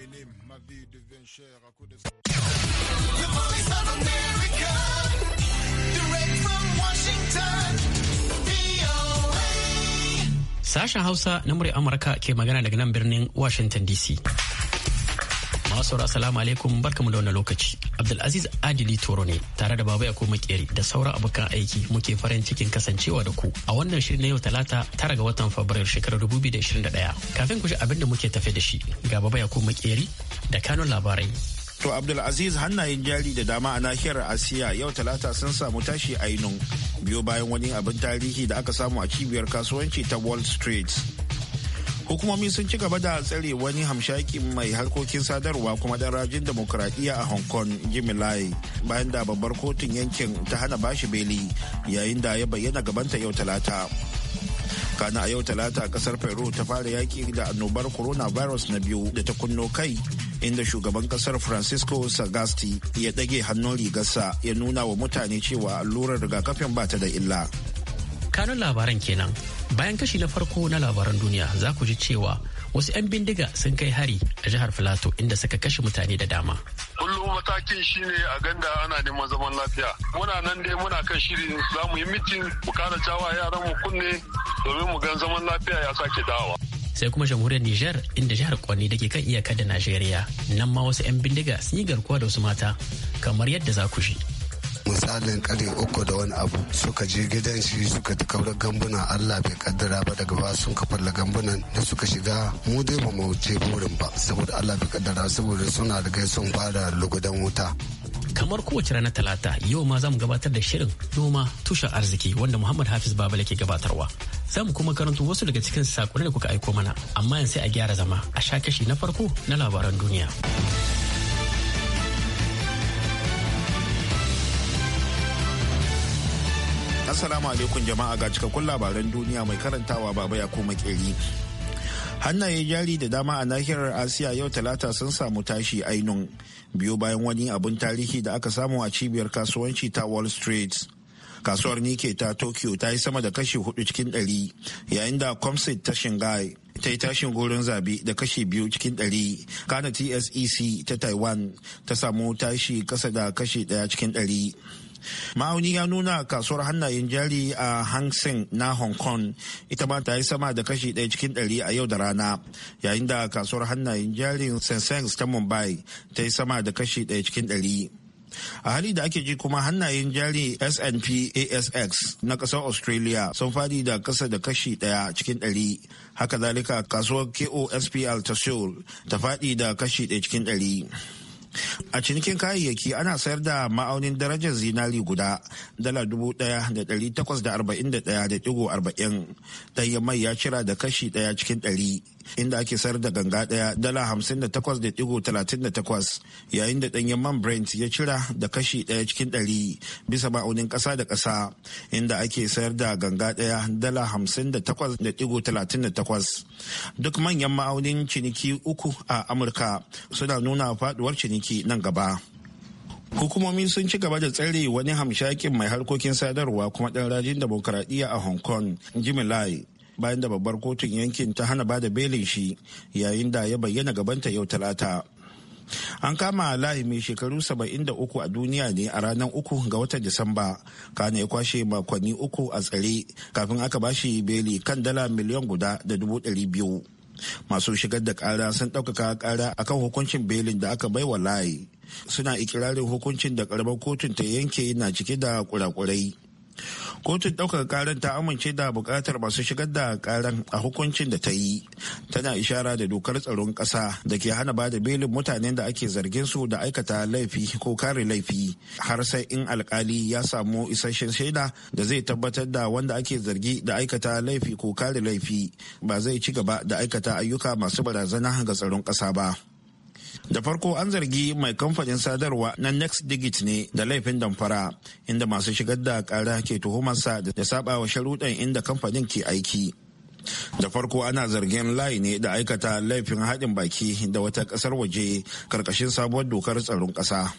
Eminem, ma vie devient chère à coup de... Sashen Hausa na murya Amurka ke magana daga nan birnin Washington DC. masu assalamu alaikum barkamu da wannan lokaci. Abdulaziz Adili Toro ne tare da Baba Yakubu Makeri da saura abokan aiki muke farin cikin kasancewa da ku a wannan shirin na yau Talata tara ga watan Fabrairu shekarar 2021. Kafin ku ji abin da muke tafe da shi ga Baba Yakubu Makeri da kano labarai. To Abdulaziz hannayen jari da dama a nahiyar Asiya yau talata sun samu tashi ainun biyo bayan wani abin tarihi da aka samu a cibiyar kasuwanci ta Wall Street. hukumomi sun ci gaba da tsare wani hamshaki mai harkokin sadarwa kuma dan rajin a hong kong jimmy lai bayan da babbar kotun yankin ta hana bashi beli yayin da ya bayyana gabanta yau talata kana a yau talata kasar peru ta fara yaki da annobar Corona Virus na biyu da ta kunno kai inda shugaban kasar francisco sagasti ya ɗage hannun rigarsa ya nuna wa mutane cewa allurar rigakafin ba ta da illa kanun labaran kenan bayan kashi na farko na labaran duniya za ku ji cewa wasu 'yan bindiga sun kai hari a jihar filato inda suka kashe mutane da dama kullum matakin shine a ganda ana neman zaman lafiya muna nan dai muna kan shiri za mu yi mitin mu kana cawa yaran mu kunne domin mu gan zaman lafiya ya sake dawa sai kuma jamhuriyar Niger inda jihar Kwani da ke kan iyaka da Najeriya nan ma wasu 'yan bindiga sun yi garkuwa da wasu mata kamar yadda za ku shi. misalin kare uku da wani abu suka je gidan shi suka ta kaura gambuna allah bai kaddara ba daga ba sun kafalla gambunan da suka shiga mu dai ba mu je burin ba saboda allah bai kaddara saboda suna riga sun fara lugudan wuta kamar kowace ranar talata yau ma zamu gabatar da shirin noma tushen arziki wanda muhammad hafiz babal ke gabatarwa za mu kuma karanto wasu daga cikin sakonnin da kuka aiko mana amma yanzu sai a gyara zama a sha kashi na farko na labaran duniya. Assalamu alaikum jama'a ga cikakkun labaran duniya mai karantawa baba ya koma kiri. Hannaye jari da dama a nahiyar Asiya yau talata sun samu tashi ainun biyu bayan wani abun tarihi da aka samu a cibiyar kasuwanci ta Wall Street. kasuwar nike ta tokyo ta yi sama da kashi hudu cikin ɗari yayin da Comsit ta shanghai ta yi tashin gorin zabe da kashi biyu cikin ɗari kana tsec ta taiwan ta samu tashi kasa da kashi ɗaya cikin ɗari ma'auni ya nuna kasuwar hannayen jari a hang na hong kong ita ma ta yi sama da kashi ɗaya cikin ɗari a yau da rana yayin da kasuwar hannayen jarin sensex ta mumbai ta yi sama da kashi ɗaya cikin ɗari a hali da ake ji kuma hannayen jari snp asx na ƙasar australia sun fadi da kasa da kashi ɗaya cikin ɗari haka zalika kasuwar kospl ta seoul ta fadi da kashi ɗaya cikin ɗari a cinikin kayayyaki ana sayar da ma'aunin darajar zinari guda dala dubu daya da dari takwas da arba'in da daya da digo arba'in mai ya cira da kashi daya cikin dari. inda ake sayar da ganga ɗaya dala hamsin da takwas da ɗigo talatin da takwas yayin da ɗanyen man brent ya cira da kashi ɗaya cikin ɗari bisa ma'aunin ƙasa da ƙasa inda ake sayar da ganga ɗaya dala hamsin da takwas da ɗigo talatin da takwas duk manyan ma'aunin ciniki uku a amurka suna nuna faɗuwar ciniki nan gaba. hukumomi sun ci gaba da tsare wani hamshakin mai harkokin sadarwa kuma ɗan rajin demokuraɗiyya a hong kong jimmy lai bayan da babbar kotun yankin ta hana bada belin shi yayin da ya bayyana gabanta yau talata an kama layi mai shekaru 73 a duniya ne a ranar uku ga watan disamba kana ya kwashe makonni uku a tsare kafin aka bashi beli kan dala miliyan guda da dubu ɗari biyu masu shigar da kara sun ɗaukaka kara akan hukuncin belin da aka baiwa layi suna ikirarin hukuncin da karamar kotun ta yanke na cike da kurakurai kotun ɗaukar karar ta amince da buƙatar masu shigar da karan a hukuncin da ta yi tana ishara da dokar tsaron ƙasa da ke hana ba da belin mutanen da ake zargin su da aikata laifi ko kare laifi har sai in alkali ya samu isasshen shaida da zai tabbatar da wanda ake zargi da aikata laifi ko kare laifi ba zai ci gaba da aikata ayyuka masu barazana ga tsaron ƙasa ba. da farko an zargi mai kamfanin sadarwa na next digit ne da laifin damfara inda masu shigar da kara ke tuhumarsa da saba wa sharuɗan inda kamfanin ke aiki da farko ana zargin layi ne da aikata laifin haɗin baki da wata ƙasar waje karkashin sabuwar dokar tsaron ƙasa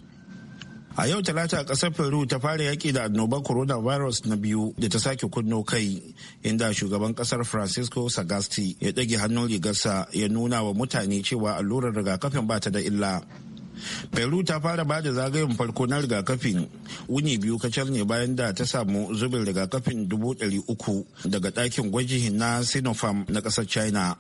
a yau talata a kasar peru ta fara yaki da annobar corona virus na biyu da ta sake kunno kai inda shugaban kasar francisco sagasti ya ɗage hannun rigarsa ya nuna wa mutane cewa allurar rigakafin ba ta da illa peru ta fara ba da zagayen farko na rigakafin wuni biyu kacal ne bayan da ta samu zubin rigakafin dubu uku daga ɗakin gwaji na sinopharm na ƙasar china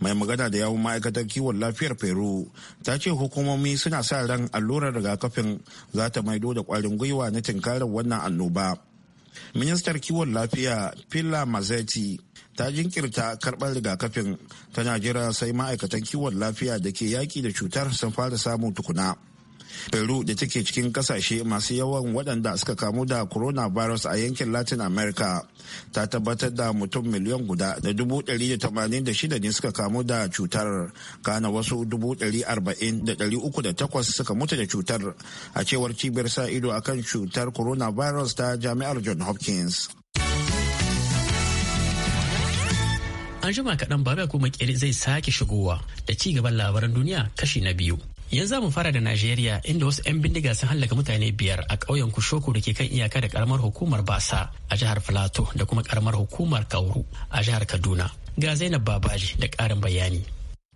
mai magana da yawun ma'aikatar kiwon lafiyar peru ta ce hukumomi suna sa ran allurar rigakafin za ta maido da kwarin gwiwa na tinkarar wannan annoba ministar kiwon lafiya pilla mazeti ta jinkirta karɓar rigakafin tana jira sai ma'aikatan kiwon lafiya da ke yaƙi da cutar sun fara samun tukuna peru da take cikin kasashe masu yawan waɗanda suka kamu da coronavirus a yankin latin america ta tabbatar da mutum miliyan guda da dubu ɗari da tamanin da shida ne suka kamu da cutar kana wasu dubu ɗari arba'in da ɗari uku da takwas suka mutu da cutar a cewar cibiyar sa ido akan cutar coronavirus ta jami'ar john hopkins an jima kaɗan babu kuma zai sake shigowa da ci gaban labaran duniya kashi na biyu yanzu mu fara da najeriya inda wasu 'yan bindiga sun hallaka mutane biyar a ƙauyen kushoku da ke kan iyaka da karamar hukumar basa a jihar filato da kuma karamar hukumar kauru a jihar kaduna ga zainab babaji da ƙarin bayani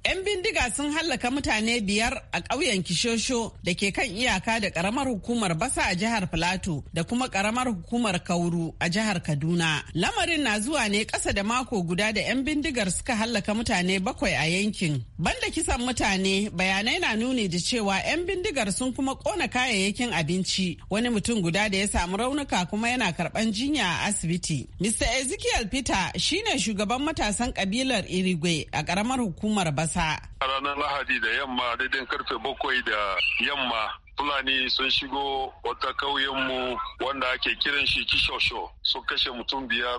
'Yan bindiga sun hallaka mutane biyar a ƙauyen Kishosho da ke kan iyaka da ƙaramar hukumar Basa a jihar Filato da kuma ƙaramar hukumar Kauru a jihar Kaduna. Lamarin na zuwa ne ƙasa da mako guda da 'yan bindigar suka hallaka mutane bakwai a yankin. Banda kisan mutane bayanai na nuni da cewa 'yan bindigar sun kuma ƙona kayayyakin abinci wani mutum guda da ya samu raunuka kuma yana karɓan jinya a asibiti. Mr. Ezekiel Peter shine shugaban matasan ƙabilar Irigwe a ƙaramar hukumar Basa. ƙasa. Ranar Lahadi da yamma daidai karfe bakwai da yamma Fulani sun shigo wata ƙauyenmu wanda ake kiran shi Kishosho sun kashe mutum biyar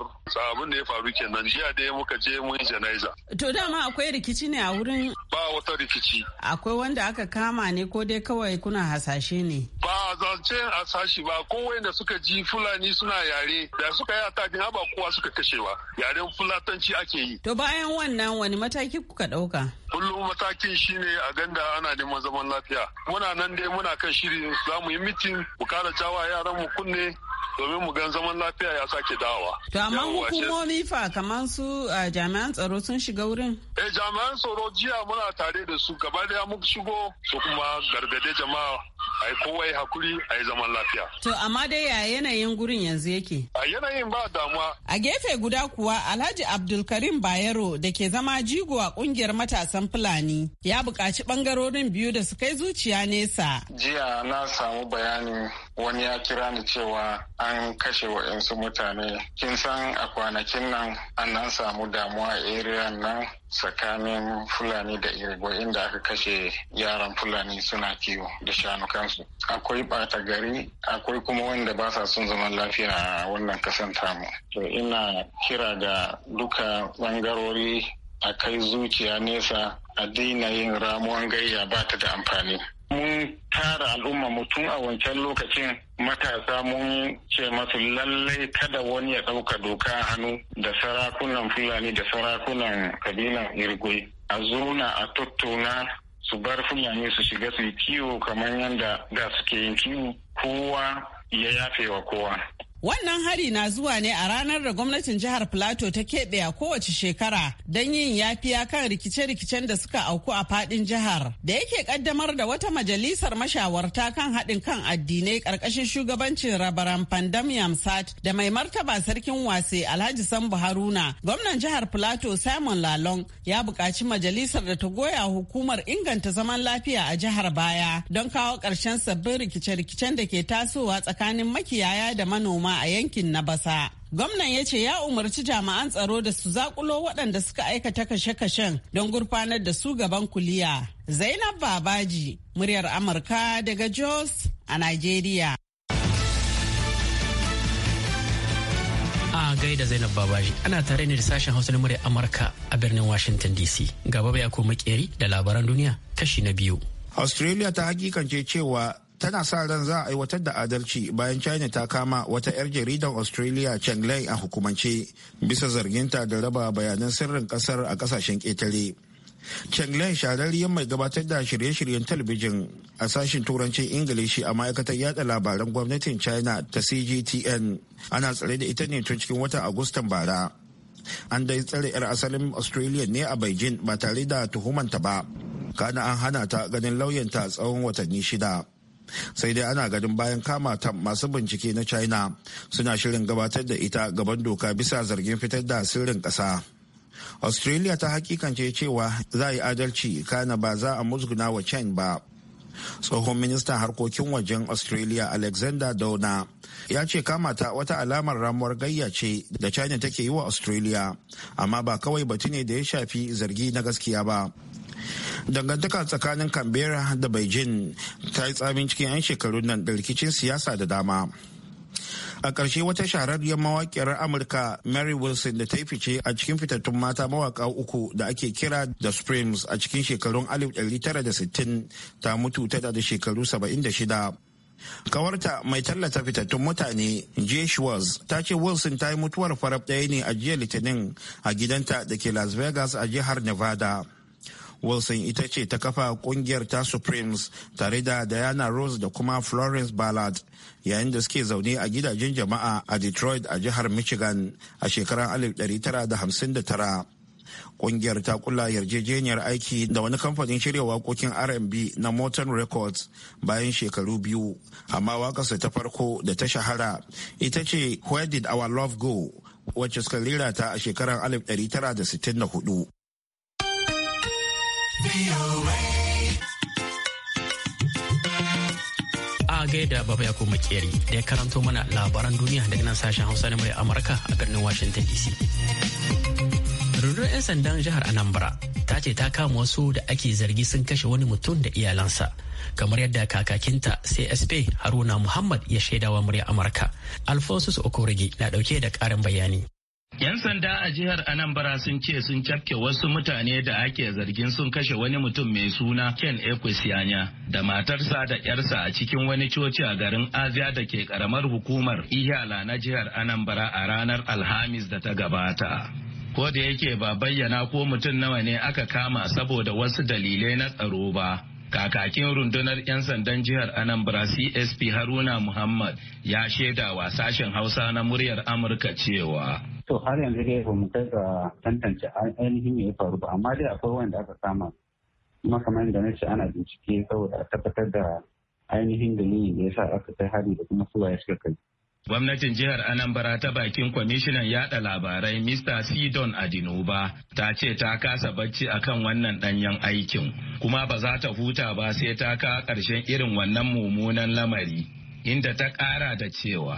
abin da ya faru kenan jiya da muka je mun janaiza. To dama akwai rikici ne a wurin? Ba wata rikici. Akwai wanda aka kama ne ko dai kawai kuna hasashe ne? Ba a zance hasashe ba kowai da suka ji Fulani suna yare da suka yi atakin haba kowa suka kashewa yaren Fulatanci ake yi. To bayan wannan wani mataki kuka ɗauka? kullum matakin shine a ganda ana neman zaman lafiya muna nan dai muna kan shiri za mu yi mitin mu kara jawa yaran mu kunne domin mu gan zaman lafiya ya sake dawa. To amma hukumomi fa kamar su jami'an tsaro sun shiga wurin? Eh jami'an tsaro jiya muna tare da su gaba daya muka shigo su kuma gargade jama'a a yi kowa ya hakuri a zaman lafiya. To amma dai ya yanayin gurin yanzu yake? A yanayin ba damuwa. A gefe guda kuwa Alhaji Abdulkarim Bayero da ke zama jigo a kungiyar matasan Fulani ya buƙaci ɓangarorin biyu da su kai zuciya nesa. Jiya na samu bayani wani ya kira ni cewa an kashe wa'insu mutane kin san a kwanakin nan an nan samu damuwa a area nan tsakanin fulani da irigbo inda aka kashe yaran fulani suna kiwo da shanu kansu. akwai bata gari akwai kuma wanda ba sa son zaman lafiya a wannan kasan tamu to ina kira ga duka bangarori a kai zuciya nesa a daina yin ramuwan gayya ba ta da amfani mun tara al'umma mutum a wancan lokacin matasa mun ce masu lallai kada wani ya ɗauka doka hannu da sarakunan fulani da sarakunan kabila irgoi a zona a tattauna su bar fulani su shiga su yi kiwo kamar yadda da suke yin kiwo kowa ya yafe wa kowa Wannan hari na zuwa ne a ranar da gwamnatin jihar Plateau ta keɓe a kowace shekara don yin yafiya kan rikice-rikicen da suka auku a fadin jihar. Da yake ƙaddamar da wata majalisar mashawarta kan haɗin kan addinai ƙarƙashin shugabancin rabaran Pandam Yamsat da mai martaba sarkin wase Alhaji Sambu Haruna. Gwamnan jihar Plateau Simon Lalong ya buƙaci majalisar da ta goya hukumar inganta zaman lafiya a jihar baya don kawo ƙarshen sabbin rikice-rikicen da ke tasowa tsakanin makiyaya da manoma a yankin na basa. Gwamnan ya ce ya umarci jami'an tsaro da su zakulo waɗanda suka aikata kashe-kashen don gurfanar da su gaban kuliya. Zainab Babaji, muryar Amurka daga Jos a Najeriya. A gaida Zainab Babaji, ana tare ne da sashen Hausa na muryar Amurka a birnin Washington DC. Gaba ya ko makeri da labaran duniya kashi na biyu. Australia ta hakikance cewa tana sa ran za a aiwatar da adalci bayan china ta kama wata 'yar jaridar australia cheng lei a hukumance bisa zarginta da raba bayanan sirrin kasar a kasashen ketare cheng lei shahararriyar mai gabatar da shirye-shiryen talabijin a sashen turancin ingilishi a ma'aikatar yada labaran gwamnatin china ta cgtn ana tsare da ita ne tun cikin wata agustan bara an dai tsare 'yar asalin australia ne a beijing ba tare da tuhumanta ba kana an hana ta ganin lauyanta tsawon watanni shida sai dai ana ganin bayan kama masu bincike na china suna shirin gabatar da ita gaban doka bisa zargin fitar da sirrin ƙasa australia ta hakikance cewa za yi adalci kana ba za a musguna wa chen ba tsohon ministan harkokin wajen australia alexander dauna ya ce kamata wata alamar ramuwar gayya ce da china take yi wa australia amma ba kawai batu ne da ya shafi zargi na gaskiya ba dangantaka tsakanin canberra da beijing ta yi tsamin cikin 'yan shekarun nan da rikicin siyasa da dama a ƙarshe wata shahararriyar mawaƙiyar amurka mary wilson da ta yi fice a cikin fitattun mata mawaƙa uku da ake kira da springs a cikin shekarun 1960 ta mutu tana da shekaru 76 kawarta mai tallata fitattun mutane jeshuwas ta ce wilson ta yi mutuwar farab ɗaya ne a jiya litinin a gidanta da ke las vegas a jihar nevada wilson ita ce ta kafa kungiyar ta supremes tare da diana rose da kuma florence ballard yayin da suke zaune a gidajen jama'a a detroit a jihar michigan a shekarar 1959 kungiyar ta kula yarjejeniyar aiki da wani kamfanin shirya wakokin r&b na motown records bayan shekaru biyu amma wakarsa ta farko da ta shahara ita ce where did our love go wacce suka lera ta a shekarar 1964 A gaida Baba Yakubu Makeri da ya karanto mana labaran duniya daga nan sashen Hausa na mai Amurka a birnin Washington DC. Rundunar 'yan sandan jihar Anambra ta ce ta kama wasu da ake zargi sun kashe wani mutum da iyalansa kamar yadda kakakinta CSP Haruna Muhammad ya shaidawa murya Amurka. Alphonsus okorigi na dauke da karin bayani. 'Yan sanda a jihar Anambra sun ce sun cafke wasu mutane da ake zargin sun kashe wani mutum mai suna Ken Ekwesiyanya da matarsa da 'yarsa a cikin wani coci a garin Aziya da ke karamar hukumar Ihala na jihar Anambra a ranar Alhamis da ta gabata. Ko da yake ba bayyana ko mutum nawa ne aka kama saboda wasu dalilai na tsaro ba. Kakakin rundunar 'yan sandan jihar Anambra CSP Haruna Muhammad ya shaida wa sashen Hausa na muryar Amurka cewa to har yanzu dai ba mu kai ga tantance ainihin me ya faru ba amma dai akwai wanda aka kama kuma kamar yadda na ce ana bincike saboda a tabbatar da ainihin dalilin da ya sa aka kai hari da kuma ya suka kai Gwamnatin jihar Anambra ta bakin kwamishinan yada labarai Mr. Sidon adinuba ta ce ta kasa bacci akan wannan danyen aikin kuma ba za ta huta ba sai ta kawo karshen irin wannan mummunan lamari inda ta ƙara da cewa.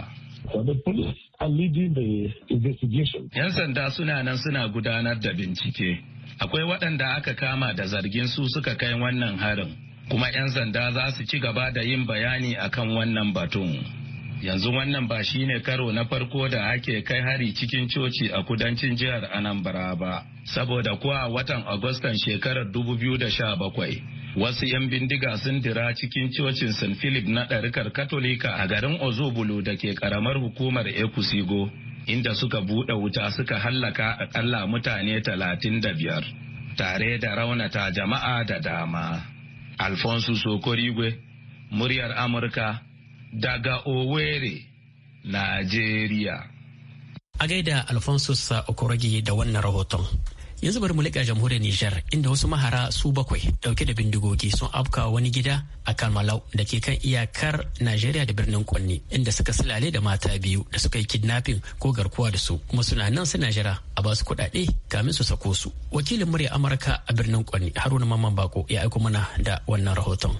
So the police are leading the investigation. Yan sanda suna nan suna gudanar da bincike. Akwai waɗanda aka kama da zargin su suka kai wannan harin. Kuma 'yan sanda za su ci gaba da yin bayani akan wannan batun. Yanzu wannan ba shi ne karo na farko da ake kai hari cikin coci a kudancin jihar Anambra ba, saboda kuwa watan Agustan shekarar 2017 wasu 'yan bindiga sun dira cikin cocin st philip na ɗarikar katolika a garin ozobulu da ke ƙaramar hukumar ekusigo inda suka buɗe wuta suka hallaka akalla mutane talatin da biyar tare da raunata jama'a da dama alfonso sokorigwe muryar amurka daga owerri nigeria a gaida alfonso sa da wannan rahoton yanzu bari mu leƙa jamhuriyar Nijar inda wasu mahara su bakwai dauke da bindigogi sun afka wani gida a Kalmalau da ke kan iyakar Najeriya da birnin Kwanni inda suka silale da mata biyu da suka yi kidnapping ko garkuwa da su kuma suna nan suna jira a basu kuɗaɗe kamin su sako su. Wakilin murya Amurka a birnin Kwanni Haruna Mamman Bako ya aiko mana da wannan rahoton.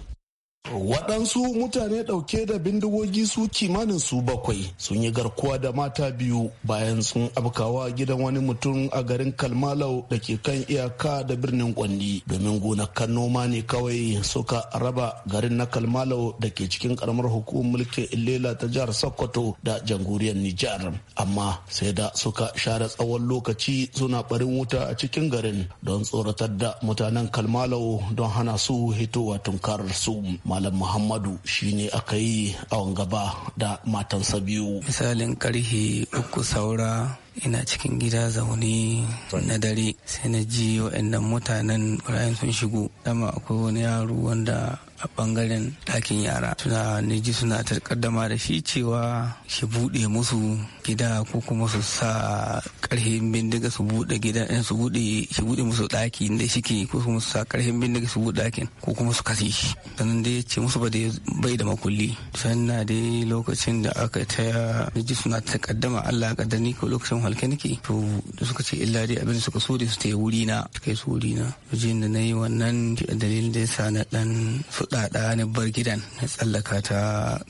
Waɗansu mutane ɗauke da bindigogi su kimanin su bakwai sun yi garkuwa da mata biyu bayan sun abkawa gidan wani mutum a garin Kalmalau da ke kan iyaka da birnin Kwandi domin gona kan noma ne kawai suka raba garin na Kalmalau da ke cikin karamar hukumar mulkin Ilela ta jihar Sokoto da jamhuriyar Nijar. Amma sai da suka share tsawon lokaci suna barin wuta a cikin garin don tsoratar da mutanen Kalmalau don hana su hitowa tunkar su. malam muhammadu shine aka yi awon gaba da matansa biyu misalin karhe uku saura ina cikin gida zaune na dare sai na ji waɗannan mutanen bayan sun shigo dama akwai wani yaro wanda a bangaren ɗakin yara suna niji suna tarkaddama da shi cewa shi buɗe musu gida ko kuma su sa ƙarfin bindiga su buɗe gida eh, su buɗe shi buɗe musu ɗaki da shike ko kuma su sa ƙarfin bindiga su buɗe ɗakin ko kuma su kashe shi sannan dai ce musu ba bai da makulli sannan dai lokacin da aka ta niji suna tarkaddama Allah ka dani ko lokacin halke nake to da suka ce illa dai abin suka so da su ta yi wuri na suka yi su wuri na da na yi wannan dalilin da ya sa na ɗan kuɗaɗa na bar gidan na tsallaka ta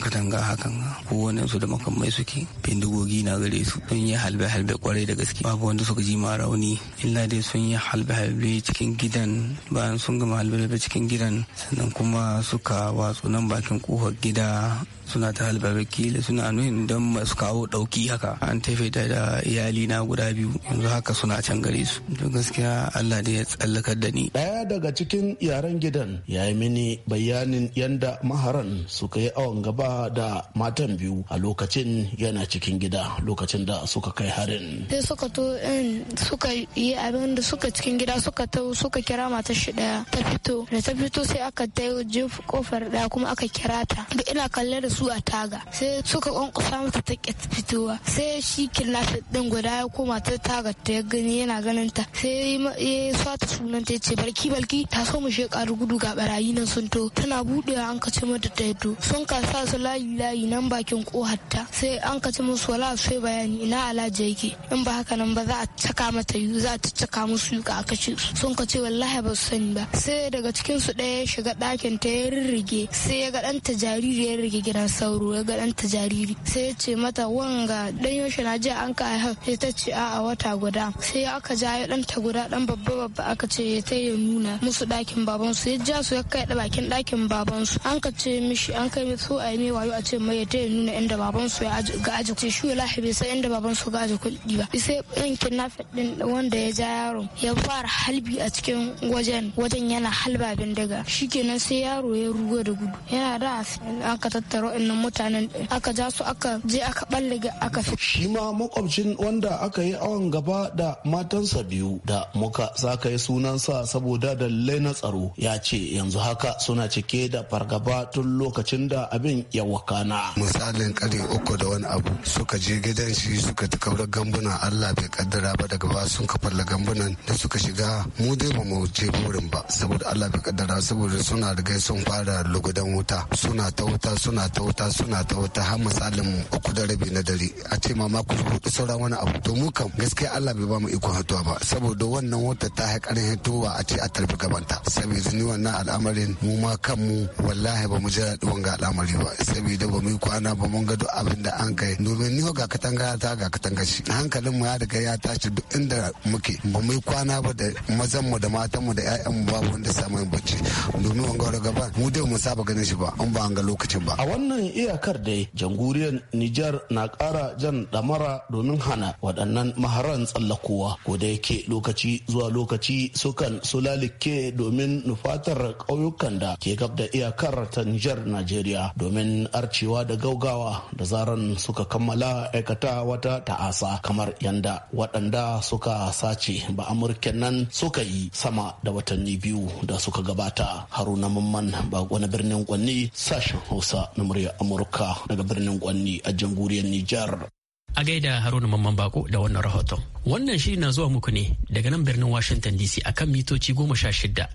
katanga hakan ko wani su da makamai suke bindigogi na gare su sun yi halbe-halbe kwarai da gaske babu wanda suka ji ma rauni illa dai sun yi halbe-halbe cikin gidan bayan sun gama halbe-halbe cikin gidan sannan kuma suka watsu nan bakin kofar gida suna ta halbe halbe kila suna nuhin don masu kawo dauki haka an tafe da da iyali na guda biyu yanzu haka suna can gare su to gaskiya Allah da ya tsallakar da ni daya daga cikin yaren gidan ya yi mini bayyana bayanin yanda maharan suka yi awon gaba da matan biyu a lokacin yana cikin gida lokacin da suka kai harin. Sai suka to eh, suka yi abin da suka cikin gida suka to suka kira mata shi daya ta fito da ta fito sai aka ta jefa kofar daya kuma aka kira ta da ina kalle da su a taga sai suka kwankwasa mata ta fitowa sai shi kidnapper din guda ya koma ta taga ta ya gani yana ganin ta sai ya sata sunan ta ce barki barki ta so mu shekaru gudu ga barayi nan sun to tana buɗewa an kace mata ta hito sun ka sa su layi layi nan bakin kohatta sai an kace musu wala sai bayani ina alaji yake in ba haka nan ba za a caka mata yu za a caka musu yu a kashe su sun kace wallahi ba su sani ba sai daga cikin su ɗaya ya shiga dakin ta ya rirrige sai ya ga ta jariri ya rirrige gidan sauro ya ga ta jariri sai ya ce mata wanga dan yaushe na je an ka haihu sai ta ce a a wata guda sai aka ja ya dan ta guda dan babba babba aka ce ya ta ya nuna musu dakin baban su ya ja su ya kai bakin dakin. aikin babansu an ka ce mishi an kai so a yi mai wayo a ce mai ta ya nuna inda babansu ya ga aji kuɗi shi lahi bai san inda babansu ga aji kuɗi ba sai ɗan kidnapping ɗin wanda ya ja yaron ya fara halbi a cikin wajen wajen yana halba bindiga kenan sai yaro ya ruga da gudu yana da aka tattara wa'annan mutanen aka ja su aka je aka balliga aka fi shi ma makwabcin wanda aka yi awon gaba da matansa biyu da muka saka sunansa saboda dalilai na tsaro ya ce yanzu haka suna ce cike da fargaba tun lokacin da abin ya wakana. Misalin kare uku da wani abu suka je gidan shi suka ta kaura gambuna Allah bai kaddara ba daga ba sun kafalla gambunan da suka shiga mu dai ba mu je burin ba saboda Allah bai kaddara saboda suna riga sun fara lugudan wuta suna ta wuta suna ta wuta suna ta wuta har misalin uku da rabi na dare a ce ma ma ku hudu sauran wani abu to mu kam gaskiya Allah bai ba mu iko hatuwa ba saboda wannan wuta ta haƙarin hitowa a ce a tarbi gabanta sabi zuni wannan al'amarin mu ma kanmu wallahi ba mu ji daɗin ga al'amari ba saboda ba mu yi kwana ba mun ga duk abin da an kai domin ni ga katanga ta ga katanga shi hankalin mu ya riga ya tashi duk inda muke ba mu yi kwana ba da mazan mu da matan mu da ƴaƴan mu babu wanda samu bacci domin wanga wani gaba mu dai mu saba ganin shi ba an ba an ga lokacin ba a wannan iyakar dai jamhuriyar Nijar na ƙara jan damara domin hana waɗannan maharan tsallakowa ko da yake lokaci zuwa lokaci sukan sulalike domin nufatar ƙauyukan da ke ke gab da iyakar ta Nijar Najeriya domin arcewa da gaugawa da zaran suka kammala aikata wata ta'asa kamar yanda waɗanda suka sace ba amurken nan suka yi sama da watanni biyu da suka gabata haruna mamman ba wani birnin kwanni sashen hausa na murya amurka daga birnin kwanni a jamhuriyar Nijar. A gaida Haruna Mamman Bako da wannan rahoton. Wannan shiri na zuwa muku ne daga nan birnin Washington DC akan mitoci goma sha shida,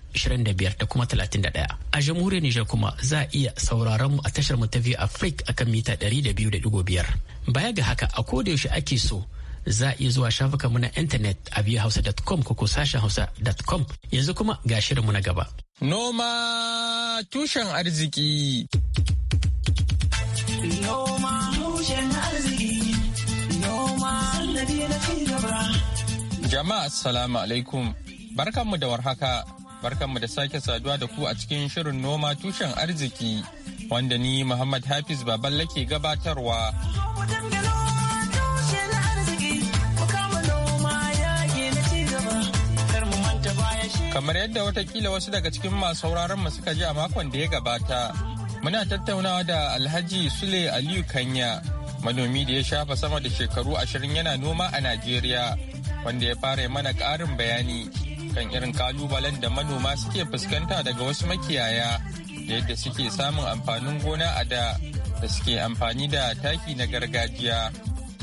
da biyar da kuma talatin da A jamhuriyar Nijar kuma za a iya sauraron mu a tashar mu ta View a akan mita ɗari da biyu da ɗigo biyar. Baya ga haka a kodayaushe yaushe ake so za a iya zuwa shafukan mu na intanet a biyahausa.com ko ko sashen hausa.com yanzu kuma ga shirin mu na gaba. Noma tushen arziki. Noma tushen Jama'a Assalamu alaikum. Barkanmu da warhaka. Barkanmu da sake saduwa da ku a cikin shirin noma tushen arziki wanda ni Muhammad Hafiz Baballe ke gabatarwa. Kamar yadda watakila wasu daga cikin masu sauraron mu suka ji a makon da ya gabata, muna tattaunawa da Alhaji Sule Aliyu Kanya, manomi da ya shafa sama da shekaru ashirin yana noma a Najeriya. wanda ya fara mana ƙarin bayani kan irin kalubalen da manoma suke fuskanta daga wasu makiyaya da yadda suke samun amfanin gona a da da suke amfani da taki na gargajiya.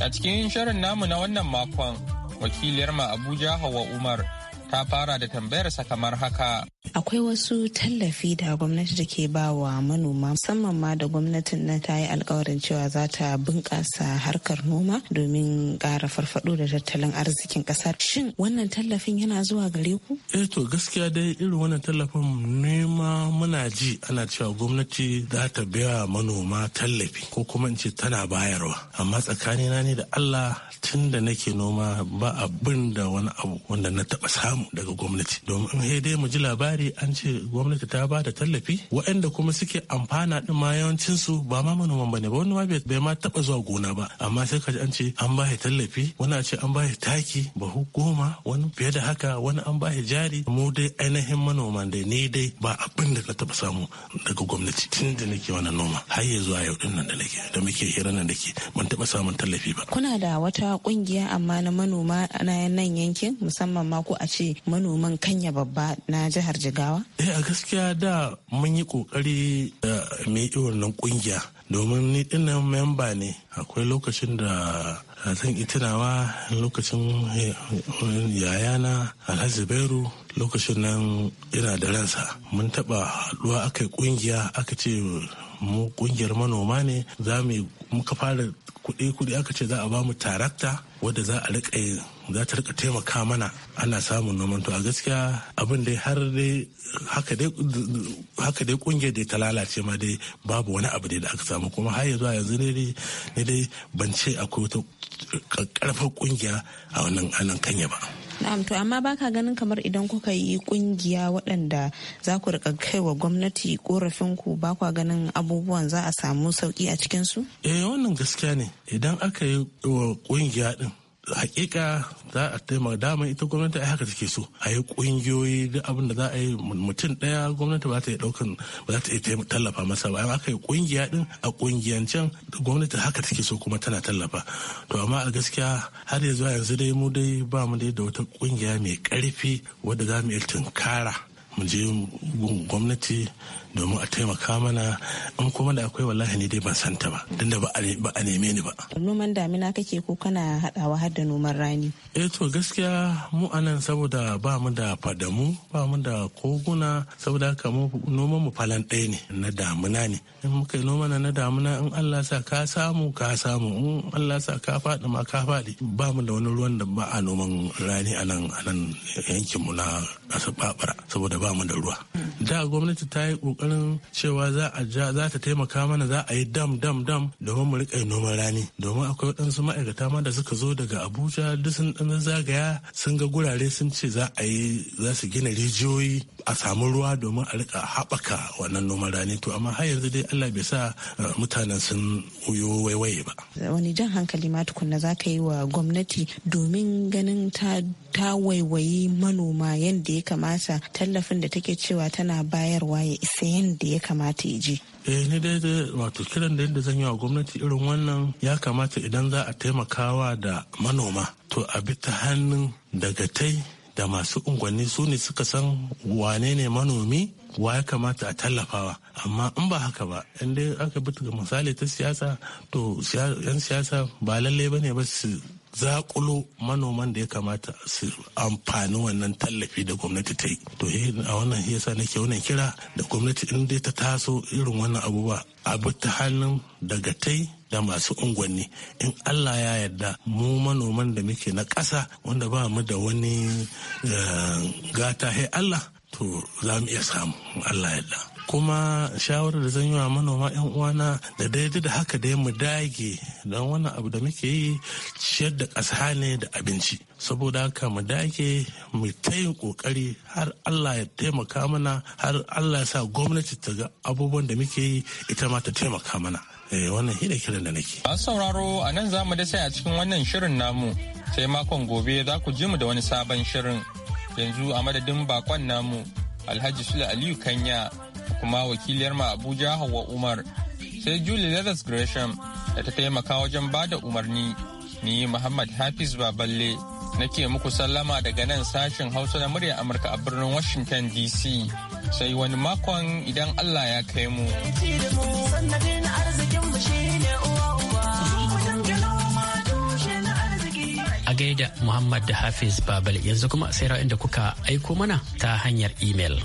A cikin shirin namu na wannan makon, wakiliyar ma Abuja Hawa Umar ta fara da tambayarsa kamar haka. Akwai wasu tallafi da gwamnati da ke ba wa manoma musamman ma da gwamnatin na ta yi alkawarin cewa za ta bunƙasa harkar noma domin ƙara farfaɗo da tattalin arzikin ƙasar. Shin wannan tallafin yana zuwa gare ku? Eh to gaskiya dai irin wannan tallafin nema muna ji ana cewa gwamnati za ta biya manoma tallafi ko kuma in ce tana bayarwa. Amma tsakanina ne da Allah tun da nake noma ba abin da wani abu wanda na taɓa samu daga gwamnati. Domin dai mu ji labari labari an ce gwamnati ta ba da tallafi waɗanda kuma suke amfana din ma yawancin su ba ma manoman bane ba wani ma bai ma taba zuwa gona ba amma sai ji an ce an ba tallafi wani a ce an ba taki bahu goma wani fiye da haka wani an ba jari mu dai ainihin manoman dai ni dai ba abin da na taba samu daga gwamnati tun da nake wannan noma har ya zuwa yau ɗin nan da nake da muke hira nan da ke ban taba samun tallafi ba kuna da wata kungiya amma na manoma na nan yankin musamman ma ko a ce manoman kanya babba na jihar jigawa? Eh a gaskiya da mun yi kokari da mai wannan kungiya domin ni dinnan memba ne akwai lokacin da eh, zan tunawa lokacin eh, yayana alhaji beru lokacin nan ina da ransa mun taba haɗuwa aka yi kungiya aka ce mu kungiyar manoma ne za mu muka fara kuɗi kuɗi aka ce za a ba mu tarakta wadda za a rika za ta rika taimaka mana ana samun noman to a gaskiya abin dai har dai haka dai kungiyar dai ta lalace ma dai babu wani abu dai da aka samu kuma har yanzu a yanzu ne dai ban ce akwai wata karfar kungiya a wannan anan kanya ba Na'am to amma baka ganin kamar idan kuka yi kungiya waɗanda za ku rika wa gwamnati korafin ku ba kwa ganin abubuwan za a samu sauki a cikin su? Eh wannan gaskiya ne idan aka yi wa kungiya din hakika za a taimaka dama ita gwamnati a haka take so a yi kungiyoyi duk abin da za a yi mutum daya gwamnati ba ta iya daukan ba za ta iya tallafa masa ba aka yi kungiya din a kungiyancen gwamnati haka take so kuma tana tallafa to amma a gaskiya har yanzu yanzu dai mu dai ba mu dai da wata kungiya mai karfi wadda za mu iya tunkara mu je gwamnati domin a taimaka mana in kuma da akwai wallahi ne dai ban santa ba don da ba a neme ni ba. Noman damina kake ko kana haɗawa har da noman rani? Eh to gaskiya mu anan saboda ba mu da fadamu ba mu da koguna saboda haka mu noman mu falan ɗaya ne na damina ne. In muka yi noman na damina in Allah sa ka samu ka samu in Allah sa ka faɗi ma ka faɗi ba mu da wani ruwan da ba a noman rani anan anan yankin na su babara saboda ba mu da ruwa da gwamnati ta yi kokarin cewa za a ja za ta taimaka mana za a yi dam dam dam domin mu rika noman rani domin akwai waɗansu ma'aikata ma da suka zo daga abuja duk sun dan zagaya sun ga gurare sun ce za a yi za su gina rijiyoyi a samu ruwa domin a rika haɓaka wannan noman rani to amma har yanzu dai allah bai sa uh, mutanen sun uyo waiwaye ba wani jan hankali ma tukunna za ka yi wa gwamnati domin ganin ta waiwayi manoma yadda ya ya kamata tallafin da take cewa tana bayarwa ya isa yadda ya kamata ya je eh ni dai da wato kiran da yadda zan yi wa gwamnati irin wannan ya kamata idan za a taimakawa da manoma to a bi ta hannun dagatai da masu unguwanni su ne suka san wane ne manomi wa ya kamata a tallafawa amma in ba haka ba inda aka bi ga misali ta siyasa to yan siyasa ba lallai ne ba su zakulo manoman da ya kamata su amfani wannan tallafi da gwamnati ta yi to a wannan yasa nake wannan kira da gwamnati in dai ta taso irin wannan abubuwa a ta hannun daga ta da masu unguwanni in allah ya yarda mu manoman da muke na ƙasa wanda ba mu da wani eh, gata hai allah to za mu iya samu allah yarda kuma shawarar da zan yi wa manoma yan uwana da daidai da haka da mu dage don wannan abu da muke yi ciyar da ƙasa ne da abinci saboda haka mu dage mu ta yin ƙoƙari har allah ya taimaka mana har allah ya sa gwamnati ta ga abubuwan da muke yi ita ma ta taimaka mana eh, wannan hida kiran da nake. Masu sauraro a nan za mu dasa a cikin wannan shirin namu sai makon gobe za ku ji mu da wani sabon shirin yanzu a madadin bakon namu Alhaji Sule Aliyu Kanya kuma wakiliyar ma Abuja Hauwa Umar sai Julie Leathers Gresham da ta taimaka wajen ba da umarni ni Muhammad Hafiz Baballe nake muku sallama daga nan sashen Hausa na muryar Amurka a birnin Washington DC sai wani makon idan Allah ya kai mu. Muhammad da Hafiz Babal yanzu kuma sai ra'ayin da kuka aiko mana ta hanyar imel.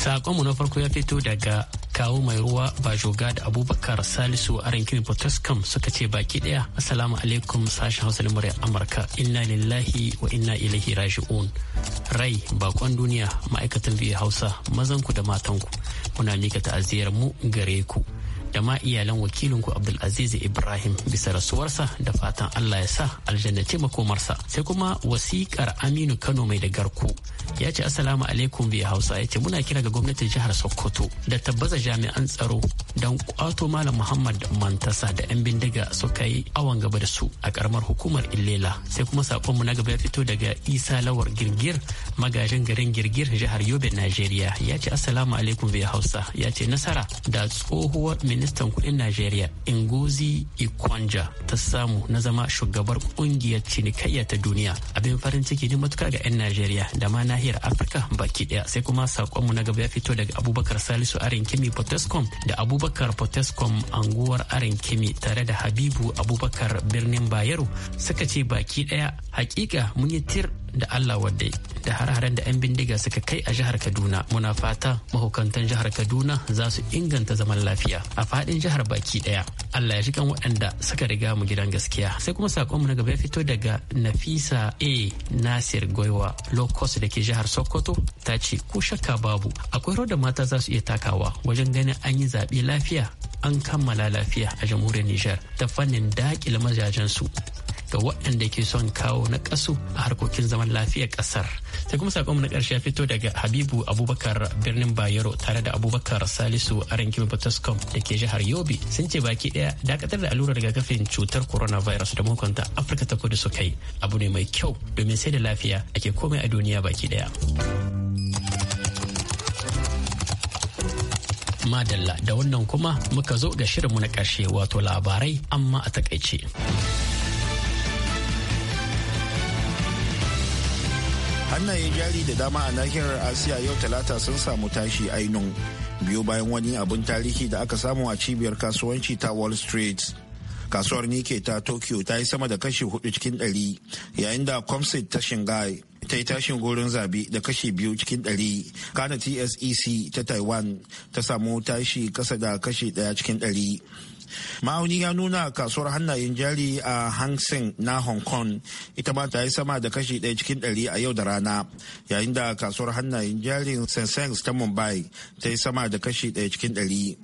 Sakonmu na farko ya fito daga kawo mai ruwa ba shoga da abubakar salisu a rankin potoscom suka ce baki daya assalamu alaikum sashen hausa na murya amurka inna lillahi wa inna ilahi raji'un rai bakon duniya ma'aikatan biyu hausa mazanku da matanku muna mika ta'aziyar mu gare ku da ma iyalan wakilinku Abdulaziz Ibrahim bisa rasuwarsa da fatan Allah ya sa ce makomarsa. Sai kuma wasikar Aminu Kano mai da garku ya ce Assalamu alaikum biya Hausa ya ce muna kira ga gwamnatin jihar Sokoto da tabbaza jami'an tsaro don kwato Malam Muhammad Mantasa da 'yan bindiga suka yi awon gaba da su a karamar hukumar Illela. Sai kuma mu na gaba ya fito daga Isa Lawar Girgir magajin garin Girgir jihar Yobe Najeriya ya ce Assalamu alaikum biya Hausa ya ce nasara da tsohuwar minista ministan kudin najeriya ingozi ikwanja ta samu na zama shugabar kungiyar cinikayya ta duniya abin farin ciki ne matuka ga 'yan najeriya da ma nahiyar afirka baki daya sai kuma sakonmu na gaba ya fito daga abubakar salisu arin kimi potescom da abubakar potescom anguwar arin kimi tare da habibu abubakar birnin bayero suka ce baki daya hakika mun yi tir da Allah wadai da har-haren da 'yan bindiga suka kai a jihar Kaduna muna fata mahukantan jihar Kaduna za su inganta zaman lafiya a faɗin jihar baki ɗaya. Allah ya shigan waɗanda suka riga mu gidan gaskiya. Sai kuma sakonmu na gaba ya fito daga Nafisa A Nasir Goiwa Lokos da ke jihar Sokoto ta ce ko shakka babu akwai rawar da mata za su iya takawa wajen ganin an yi zaɓe lafiya an kammala lafiya a jamhuriyar Nijar ta fannin daƙile su ga waɗanda ke son kawo na ƙasu a harkokin zaman lafiyar ƙasar sai kuma sakon na ƙarshe ya fito daga habibu abubakar birnin bayero tare da abubakar salisu a rankin batoscom da ke jihar yobe sun ce baki ɗaya dakatar da allurar rigakafin cutar coronavirus da mahukunta afirka ta kudu suka yi abu ne mai kyau domin sai da lafiya ake komai a duniya baki ɗaya. madalla da wannan kuma muka zo ga shirinmu na ƙarshe wato labarai amma a takaice. hannaye jari da dama a nahiyar asiya yau talata sun samu tashi ainun biyu bayan wani abin tarihi da aka samu a cibiyar kasuwanci ta wall street kasuwar nike ta tokyo ta yi sama da kashi hudu cikin dari yayin da comsit ta shingai ta yi tashin gorin zabe da kashi biyu cikin dari kana tsec ta taiwan ta samu tashi kasa da kashi daya cikin dari ma'auni ya nuna kasuwar hannayen jari a hang na hong kong ita ma ta yi sama da kashi ɗaya cikin ɗari a yau da rana yayin da kasuwar hannayen jarin sensex ta mumbai ta yi sama da kashi ɗaya cikin ɗari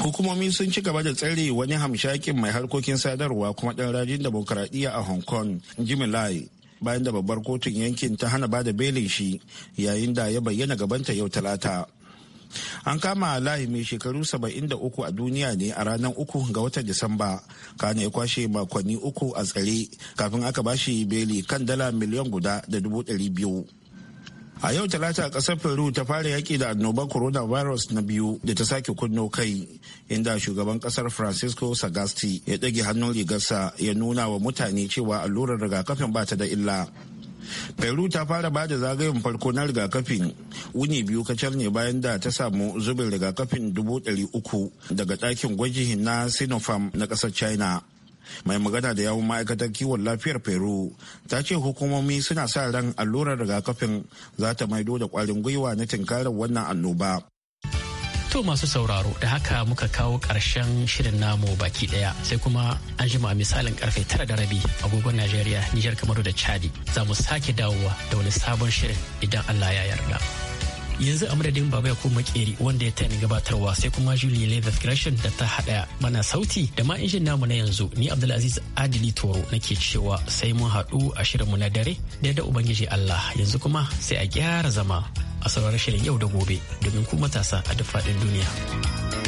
hukumomi sun ci gaba da tsare wani hamshakin mai harkokin sadarwa kuma ɗan rajin demokuraɗiyya a hong kong jimmy lai bayan da babbar kotun yankin ta hana bada belin shi yayin da ya bayyana gabanta yau talata an kama layi mai shekaru 73 a duniya ne a ranar uku ga watan disamba kane ya kwashe makonni uku a tsare kafin aka bashi beli kan dala miliyan guda da dubu ɗari biyu a yau talata a kasar peru ta fara yaki da annobar coronavirus na biyu da ta sake kunno kai inda shugaban kasar francisco sagasti ya ɗage hannun rigarsa ya nuna wa mutane cewa allurar rigakafin ba ta da illa peru ta fara ba da zagayen farko na rigakafin wuni biyu kacal ne bayan da ta samu zubin rigakafin dubu uku daga dakin gwaji na sinopharm na ƙasar china mai magana da yawun ma'aikatar kiwon lafiyar peru ta ce hukumomi suna sa ran allurar rigakafin za ta maido da kwarin gwiwa na tinkarar wannan annoba To masu sauraro da haka muka kawo ƙarshen shirin namu baki ɗaya sai kuma an jima misalin karfe tara da rabi agogon Najeriya, Nijar Kamaru da Chadi za mu sake dawowa da wani sabon shirin idan Allah ya yarda. yanzu a madadin baba ko makeri wanda ya tani gabatarwa sai kuma julie leathers gresham da ta haɗa mana sauti da ma injin namu na yanzu ni abdulaziz adili toro nake cewa sai mun haɗu a shirinmu na dare da yadda ubangiji allah yanzu kuma sai a gyara zama a saurari shirin yau da gobe domin ku matasa a duk faɗin duniya.